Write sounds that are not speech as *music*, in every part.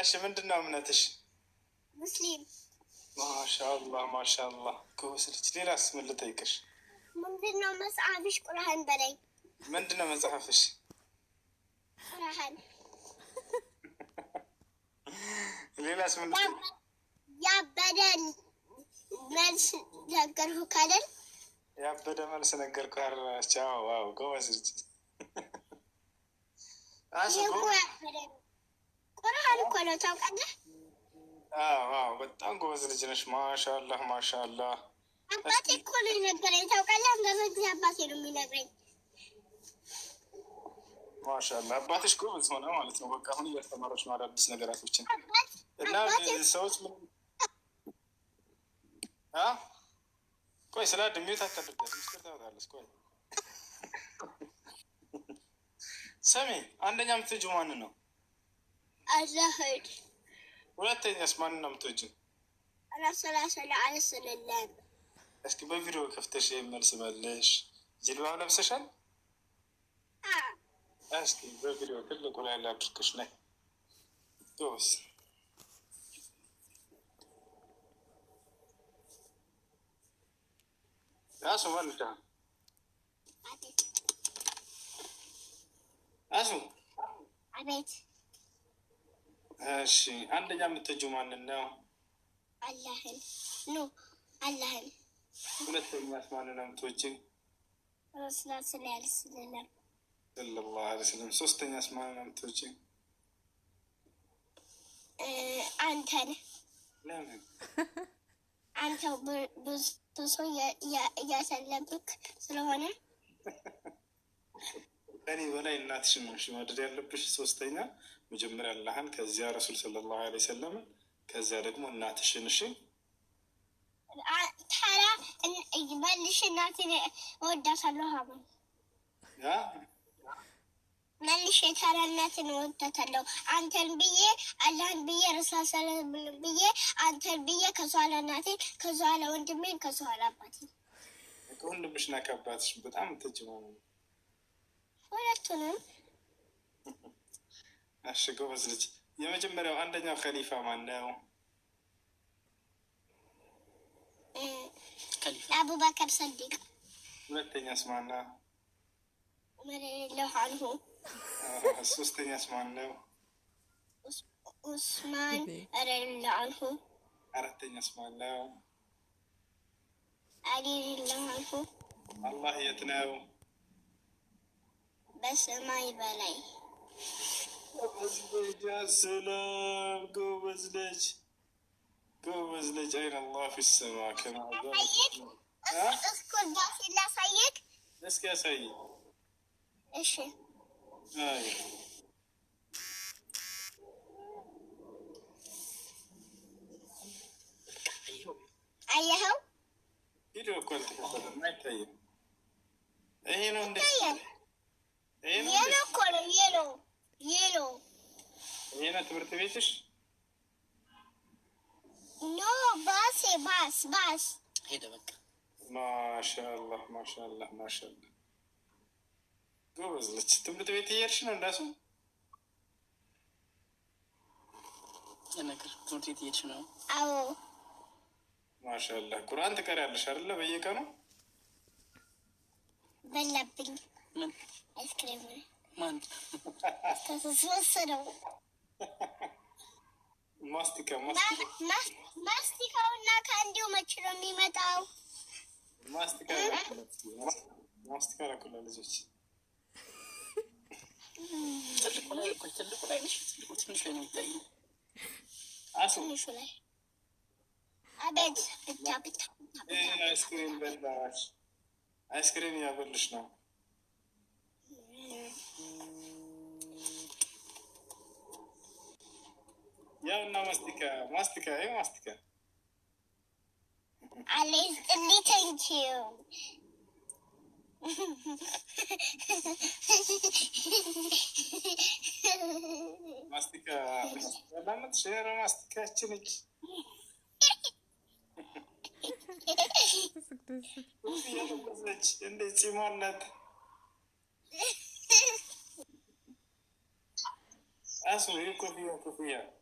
እሺ ምንድን ነው እምነትሽ? ሙስሊም። ማሻአላ ማሻአላ ጎበዝ ልጅ። ሌላስ ምን ልጠይቅሽ? ምንድን ነው መጽሐፍሽ? ቁርአን በላይ ምንድን ነው መጽሐፍሽ? ቁርአን። *laughs* ሌላስ ምን ያበደን መልስ ነገርኩህ አይደል? ያበደ መልስ ነገርኩህ። ጎበዝ ልጅ ቁርአን እኮ ነው ታውቃለህ። በጣም ጎበዝ ልጅ ነሽ። ማሻላህ ማሻላህ። አባቴ እኮ ነው የነገረኝ ታውቃለህ። አንዳንድ አባቴ ነው የሚነግረኝ። ማሻላህ አባትሽ ጎበዝ ሆነ ማለት ነው። በቃ አሁን እያስተማረች ነው አዳዲስ ነገራቶችን እና ሰዎች ምን ቆይ ስለ አድሜት አታደርጋለች። ቆይ ስሚ፣ አንደኛ የምትወጂው ማንን ነው? አዛህድ። ሁለተኛስ ማንን ነው የምትወጂው? እስኪ በቪዲዮ ከፍተሽ መልስ በለሽ። ጅልባብ ለብሰሻል? እስኪ በቪዲዮ ትልቁ ላይ ላድርግሽ ላይ ስ ራሱ መልቻ አሱ አቤት። እሺ አንደኛ የምትወጂው ማንን ነው? አላህን ኑ አላህን። ሁለተኛስ ማንን ነው የምትወጂው? ረሱላ ስለያልስልናል ሰለላሁ ዐለይሂ ወሰለም። ሶስተኛስ ማንን ነው የምትወጂው? አንተን ለምን አንተው ብዙ ሰው እያሰለብክ ስለሆነ ከእኔ በላይ እናትሽን ነው ማድረግ ያለብሽ። ሶስተኛ መጀመሪያ አላህን፣ ከዚያ ረሱል ሰለላሁ ዐለይሂ ወሰለምን፣ ከዚያ ደግሞ እናትሽን። እሺ መልሽ፣ እናቴን እወዳታለሁ። ሀ መልሽ፣ ታላ እወዳታለሁ። አንተን ብዬ አላህን ብዬ ረሳሰለ ብዬ አንተን ብዬ ከሷላ እናቴን ከሷላ ወንድሜን ከሷላ አባቴን ከወንድምሽና ከአባትሽ በጣም ትጅማ ነው ሁለቱንም እሺ፣ ጎበዝ ልጅ። የመጀመሪያው አንደኛው ከሊፋ ማን ነው? አቡበከር ሰዲቅ። ሁለተኛስ ማን ነው? መለለሁ አንሁ። ሶስተኛስ ማን ነው? ኡስማን ረላ አንሁ። አራተኛስ ማን ነው? አሊ ረላ አንሁ። አላህ የት ነው? በሰማይ በላይ ጎበዝ ልጅ ጎበዝ ልጅ አይን አላህ ፊ ሰማ እስኪ ያሳይ። እሺ ቤትሽ? ኖ ባስ ባስ ባስ ሄደ። በቃ ማሻአላህ ማሻአላህ ማሻአላህ ጎበዝ ነች። ትምህርት ቤት እየሄድሽ ነው እንዳሱ ነገር ትምህርት ቤት እየሄድሽ ነው? አዎ ማሻአላህ። ቁርአን ትቀሪያለሽ አይደለ? በየቀኑ በላብኝ ምን አይስክሬም ማን ተሰሰሰ ማስቲካ ማስቲካው እና ከእንዲው መች ነው የሚመጣው? ማስቲካ ላኩላ ልጆች አይስክሪም በላ ነው a Yeah, namastika. Mastika, eh, mastika. I listen to you. mastika, mastika. Namat shera mastika chinik. Eu não sei se você está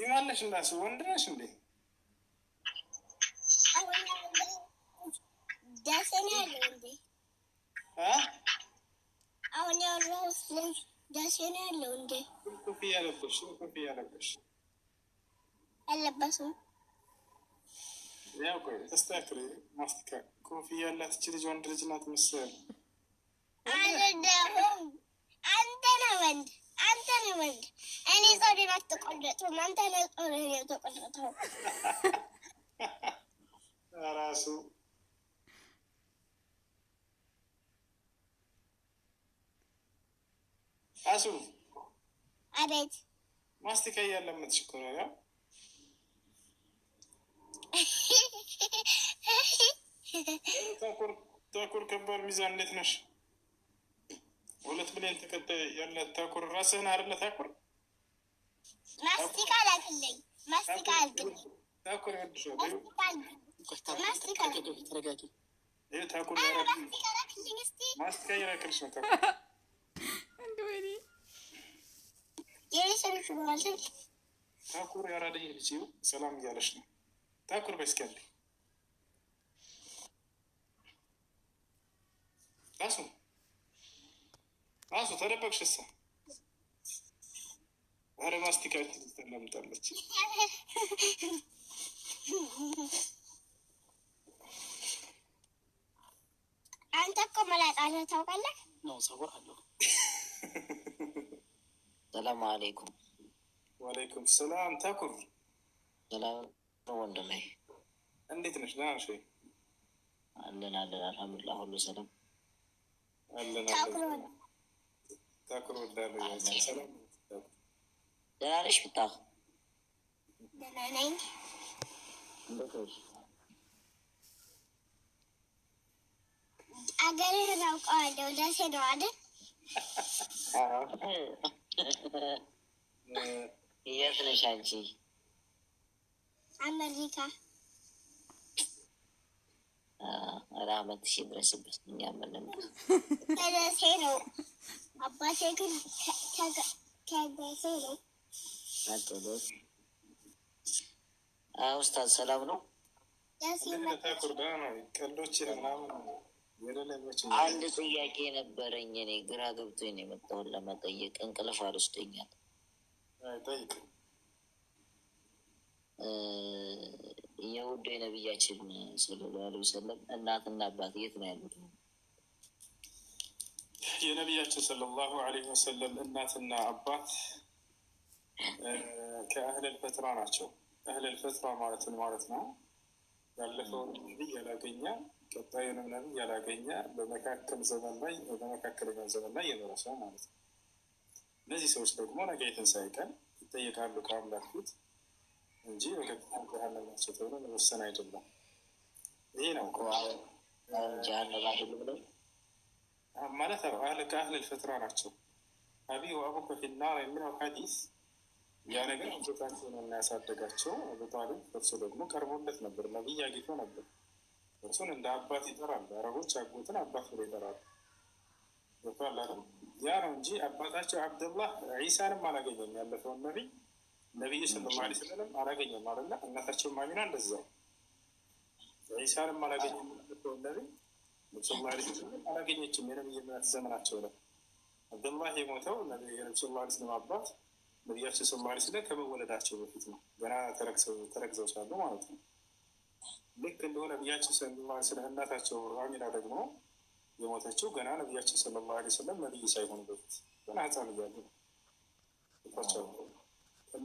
ይኸውልሽ እንዳስ ወንድ ነሽ እንዴ? ኮፍያ ያላት እች ልጅ ወንድ ልጅ ናት መሰለኝ። አንተ ነው ወንድ አንተ ነው ወንድ። እኔ ጸጉሬን አትቆረጥም፣ አንተ ነው ጸጉሬን የተቆረጠው። ራሱ አሱ አቤት። ማስቲካ እያለ የምትሽኮረ ነው *laughs* ተኩር ከባድ ሚዛን፣ እንዴት ነሽ? ሁለት ብሌን ተከታይ ያለ ታኩር ራስህን አይደለ ታኩር ማስቲካ ላክልኝ ማስቲካ አልግልኝ ታኩር ታኩር ያራደኝ ልጅ ሰላም እያለች ነው። ታኩር በስኪያለኝ ራሱ ራሱ ተደበቅሽ ሳ ኧረ ማስቲካችን ተለምጣለች። አንተ እኮ መላጣ ነህ ታውቃለህ። ነው ጸጉር አለው። ሰላም አለይኩም። ወአለይኩም ሰላም። ተኩር ሰላም ወንድሜ፣ እንዴት ነሽ? ደህና ነሽ? አለን አለን፣ አልሐምዱሊላህ ሁሉ ሰላም አለን አለን ደህና ነሽ ምታሁ? ደህና ነኝ። አገርህን አውቀዋለሁ። ደሴ ነው አይደል? የት ነሽ አንቺ? አሜሪካ ኧረ አመት ሺ እኛ ምንም ተገሴ ነው አባቴ ግን ተገሴ ነው። ኡስታዝ ሰላም ነው። አንድ ጥያቄ ነበረኝ። እኔ ግራ ገብቶኝ ነው የመጣሁት ለመጠየቅ። እንቅልፍ አልወስደኛል። የውድ የነቢያችን ሰለላሁ ዐለይሂ ወሰለም እናትና አባት የት ነው ያሉት? የነቢያችን ሰለላሁ ዐለይሂ ወሰለም እናትና አባት ከአህለል ፈትራ ናቸው። አህለል ፈትራ ማለትን ማለት ነው ያለፈውን ነቢይ ያላገኘ ቀጣዩንም ነቢይ ያላገኘ በመካከል ዘመን ላይ በመካከለኛው ዘመን ላይ የደረሰው ማለት ነው። እነዚህ ሰዎች ደግሞ ነገ የትንሣኤ ቀን ይጠየቃሉ ከአምላክ ፊት እንጂ በቀጥታ ጀሃነም ናቸው ተብሎ መወሰን አይደለም። ይህ ነው ማለት ነው። አህል ከአህል ልፈትራ ናቸው አቢ ወአቡከ ፊናር የሚለው ሀዲስ ያ ነገር ጌታቸው ነው የሚያሳደጋቸው። አቡ ጣሊብ እርሱ ደግሞ ቀርቦለት ነበር፣ ነቢይ አግኝቶ ነበር። እርሱን እንደ አባት ይጠራል። አረቦች አጎትን አባት ብሎ ይጠራሉ። ያ ነው እንጂ አባታቸው አብደላህ ዒሳንም አላገኘም ያለፈውን ነቢይ ነቢዩ ስለ ላ ወሰለም አላገኘም አለና እናታቸው ማሚና እንደዛ ዒሳንም አላገኘም የምንለውን ነቢይ ነቢ ላ ስለም አላገኘችም። የነቢይነት ዘመናቸው ነው። አብደላህ የሞተው የነቢ ላ ስለም አባት ነቢያቸው ስለ ላ ስለም ከመወለዳቸው በፊት ነው። ገና ተረግዘው ሳሉ ማለት ነው። ልክ እንዲሁ ነቢያቸው ስለ ላ ስለ እናታቸው አሚና ደግሞ የሞተችው ገና ነቢያቸው ስለ ላ ስለም ነቢይ ሳይሆኑ በፊት ገና ህፃን እያሉ ነው።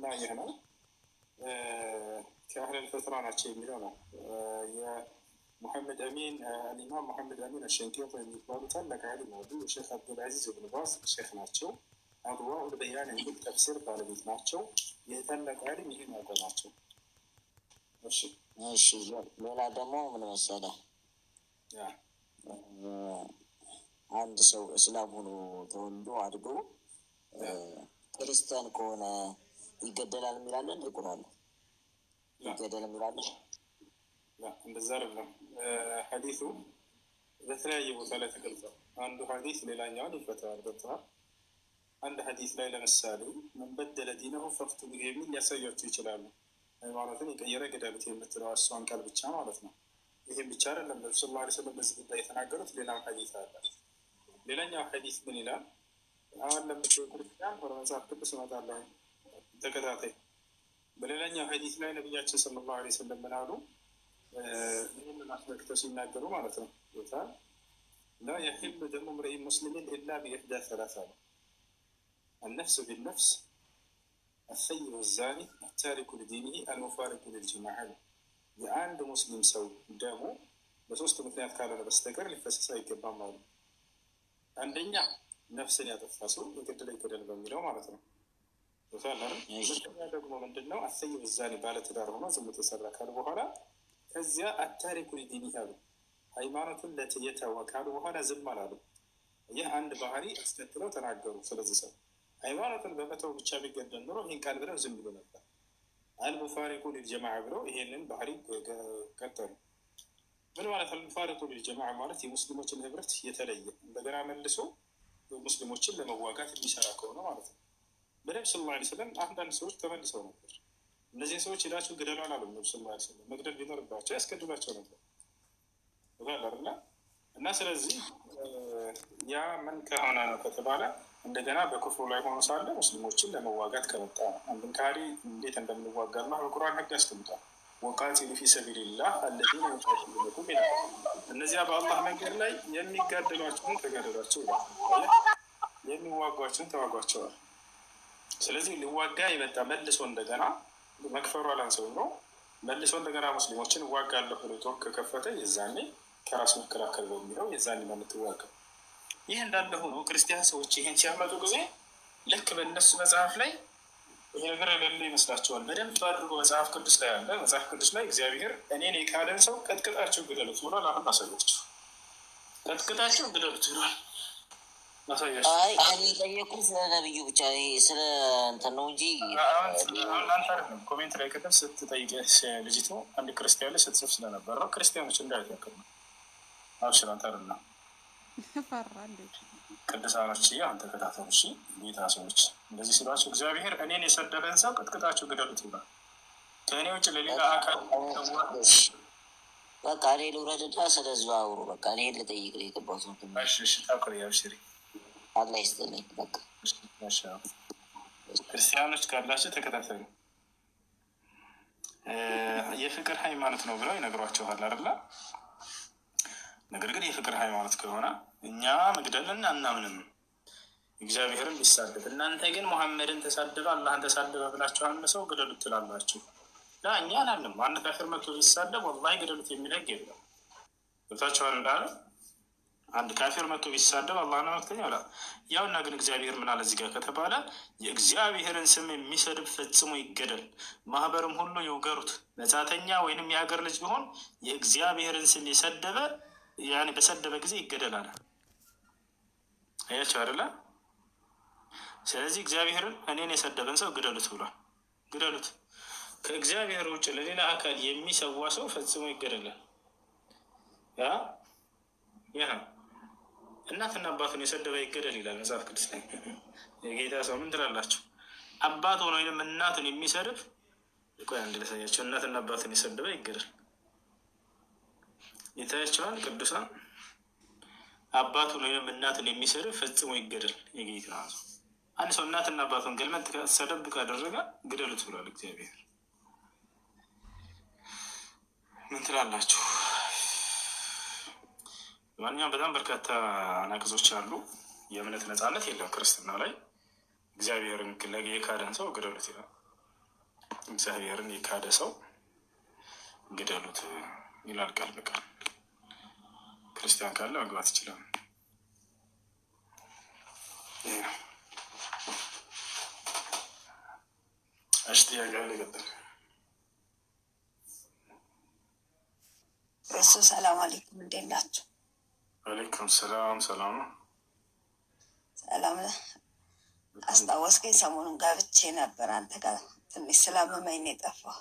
እና ይህ ነው። ከአህለል ፈትራ ናቸው የሚለው ነው። የሙሐመድ አሚን አልኢማም ሙሐመድ አሚን አሸንቄጥ የሚባሉ ታላቅ አሊም አሉ። ሼክ አብዱልዓዚዝ ብን ባዝ ሼክ ናቸው። አድዋኡል በያን የሚል ተፍሲር ባለቤት ናቸው። ይህ ታላቅ አሊም ይህን ያውቀ ናቸው። እሺ ሌላ ደግሞ ምን መሰለህ አንድ ሰው እስላም ሆኖ ተወልዶ አድጎ ክርስቲያን ከሆነ ይገደላል የሚላለን ይቁራሉ ይገደል የሚላለን እንደዛ አይደለም። ሐዲሱ በተለያየ ቦታ ላይ ተገልጿል። አንዱ ሐዲስ ሌላኛውን ይፈተዋል። ገብተዋል። አንድ ሐዲስ ላይ ለምሳሌ ምን በደለ ዲነሁ ፈቅቱሁ የሚል ሊያሳያቸው ይችላሉ። ሃይማኖትን የቀየረ ግደሉት የምትለው እሷን ቃል ብቻ ማለት ነው። ይህም ብቻ አይደለም። ነቢ ስ ስለም በዚህ ጉዳይ የተናገሩት ሌላም ሐዲስ አለ። ሌላኛው ሐዲስ ምን ይላል? አሁን ለምትወቁ ክርስቲያን ወደ መጽሐፍ ቅዱስ እመጣለሁ ተከታታይ በሌላኛው ሀዲስ ላይ ነቢያችን ሰለላሁ ዐለይሂ ወሰለም ምን አሉ? ይህንን አስመልክተው ሲናገሩ ማለት ነው ታ ላ የሒሉ ደሙ ምርኢ ሙስሊሚን ኢላ ቢኢሕዳ ሰላሳ ነው አነፍስ ቢነፍስ አሰይ ወዛኒ አታሪኩ ልዲኒሂ አልሙፋሪኩ ልልጅማዕ ነው። የአንድ ሙስሊም ሰው ደሙ በሶስት ምክንያት ካልሆነ በስተቀር ሊፈሰስ አይገባም አሉ። አንደኛ ነፍስን ያጠፋ ሰው የገደለ ይገደል በሚለው ማለት ነው ሁለተኛ ደግሞ ምንድን ነው አሰይ ብዛኔ ባለትዳር ሆኖ ዝሙት የሰራ ካል በኋላ ከዚያ አታሪኩ ዲኒ አሉ ሃይማኖቱን ለየተወ ካሉ በኋላ ዝም አላሉ። ይህ አንድ ባህሪ አስከትለው ተናገሩ። ስለዚህ ሰው ሃይማኖትን በመተው ብቻ ቢገደል ኑሮ ይህን ቃል ብለው ዝም ብሎ ነበር። አልሙፋሪቁ ልጀማ ብለው ይሄንን ባህሪ ቀጠሉ። ምን ማለት አልሙፋሪቁ ልጀማ ማለት የሙስሊሞችን ህብረት የተለየ እንደገና መልሶ ሙስሊሞችን ለመዋጋት የሚሰራ ከሆነ ማለት ነው በነብ ስ ላ ስለም አንዳንድ ሰዎች ተመልሰው ነበር። እነዚህን ሰዎች ሄዳችሁ ግደሏል አሉ ነብ ስላ ስለም መግደል ቢኖርባቸው ያስገድሏቸው ነበር ላ እና ስለዚህ ያ ምን ከሆነ ነው ከተባለ እንደገና በክፍሩ ላይ ሆኖ ሳለ ሙስሊሞችን ለመዋጋት ከመጣ ነው። አንድን ካህሪ እንዴት እንደምንዋጋ ና በቁርአን ህግ ያስቀምጣል። ወቃቲሉ ፊ ሰቢልላህ አለዚነ ዩቃቲሉኩም ይላል። እነዚያ በአላህ መንገድ ላይ የሚጋደሏቸውን ተጋደሏቸው ይላል። የሚዋጓቸውን ተዋጓቸዋል። ስለዚህ ሊዋጋ የመጣ መልሶ እንደገና መክፈሩ አላንሰው ነው መልሶ እንደገና ሙስሊሞችን እዋጋለሁ ብሎ ጦር ከከፈተ የዛኔ ከራስ መከላከል በሚለው የዛኔ ማለት ዋጋ። ይህ እንዳለ ሆኖ ክርስቲያን ሰዎች ይህን ሲያመጡ ጊዜ ልክ በእነሱ መጽሐፍ ላይ ይሄ ነገር የሌለ ይመስላቸዋል። በደንብ አድርጎ መጽሐፍ ቅዱስ ላይ አለ። መጽሐፍ ቅዱስ ላይ እግዚአብሔር እኔን የካደን ሰው ቀጥቅጣቸው ግደሉት ብሏል። አሁን አሰሎች ቀጥቅጣቸው ግደሉት ይሏል። አይ እኔ የጠየኩህ ስለ ነብዩ ብቻ ስለ እንትን ነው እንጂ ኮሜንት ላይ ከተብ ስትጠይቅ ልጅቱ አንድ ክርስቲያን ላይ ስትጽፍ ስለነበረ ክርስቲያኖች እንዳይተክል ነው። አብሽራት አርና ቅዱሳኖች አሁን ተከታተሉ። እሺ ጌታ ሰዎች እንደዚህ ሲሏቸው እግዚአብሔር እኔን የሰደበን ሰው ቅጥቅጣቸው ግደሉት ይላል። ከእኔ ውጭ ለሌላ አካል በቃ እኔ ልውረድና ስለዚሁ አውሩ። በቃ እኔን ልጠይቅ ነው የገባሁት። ታኩር ያብሽሪ አላህ ይስጥልኝ። በቃ ክርስቲያኖች ካላቸው ተከታተሉ። የፍቅር ሃይማኖት ነው ብለው ይነግሯቸዋል አይደለ? ነገር ግን የፍቅር ሃይማኖት ከሆነ እኛ መግደልን አናምንም፣ እግዚአብሔርን ይሳደብ። እናንተ ግን ሙሐመድን ተሳደበ አላህን ተሳደበ ብላችሁ አንድ ሰው ግደሉት ትላላችሁ። ላ እኛ አላለም። አንድ ካፊር መቶ ሊሳደብ ወላሂ ግደሉት የሚል የለም። ገብታችኋል እንዳለ አንድ ካፌር መቶ ቢሳደብ አላህና መክተኛ ይላል። ያውና ግን እግዚአብሔር ምን አለ እዚህ ጋር ከተባለ የእግዚአብሔርን ስም የሚሰድብ ፈጽሞ ይገደል፣ ማህበርም ሁሉ ይውገሩት። መጻተኛ ወይንም የሀገር ልጅ ቢሆን የእግዚአብሔርን ስም የሰደበ ያኔ በሰደበ ጊዜ ይገደላል። አያቸው አደለ ስለዚህ እግዚአብሔርን እኔን የሰደበን ሰው ግደሉት ብሏል። ግደሉት። ከእግዚአብሔር ውጭ ለሌላ አካል የሚሰዋ ሰው ፈጽሞ ይገደላል። ያ ይህ ነው። እናትና አባቱን የሰደበ ይገደል ይላል መጽሐፍ ቅዱስ ላይ። የጌታ ሰው ምን ትላላቸው? አባት ሆነ ወይም እናቱን የሚሰድብ ቆይ አንድ ላሳያቸው። እናትና አባትን የሰደበ ይገደል ይታያቸዋል። ቅዱሳን አባቱን ወይም እናቱን የሚሰድብ ፈጽሞ ይገደል የጌታ ሰው። አንድ ሰው እናትና አባቱን ገልመት ሰደብ ካደረገ ግደሉት ብሏል እግዚአብሔር። ምን ትላላችሁ? ለማንኛውም በጣም በርካታ አናቅጾች አሉ። የእምነት ነጻነት የለም ክርስትና ላይ። እግዚአብሔርን ግለገ የካደን ሰው ግደሉት ይላል። እግዚአብሔርን የካደ ሰው ግደሉት ይላል ቃል በቃል። ክርስቲያን ካለ መግባት ይችላል። እሺ ጥያቄ አለ። ይቀጥል። እሱ ሰላም አለይኩም እንዴት ናችሁ? አለይኩም ሰላም። ሰላም ነው። ሰላም አስታወስከኝ። ሰሞኑን ጋብቼ ነበር አንተ ጋር ትንሽ ስላመመኝ ነው የጠፋው።